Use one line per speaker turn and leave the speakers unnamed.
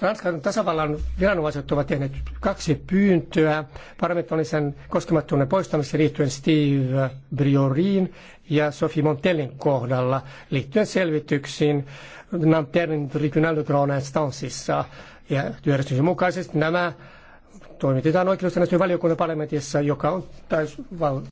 Ranskan tasavallan viranomaiset ovat tehneet kaksi pyyntöä parlamentaarisen koskemattomuuden poistamiseen liittyen Steve Briorin ja Sophie Montellin kohdalla liittyen selvityksiin Nanternin Tribunal de Grande Instanceissa. Ja työjärjestyksen mukaisesti nämä toimitetaan oikeusjärjestön valiokunnan parlamentissa, joka on täysval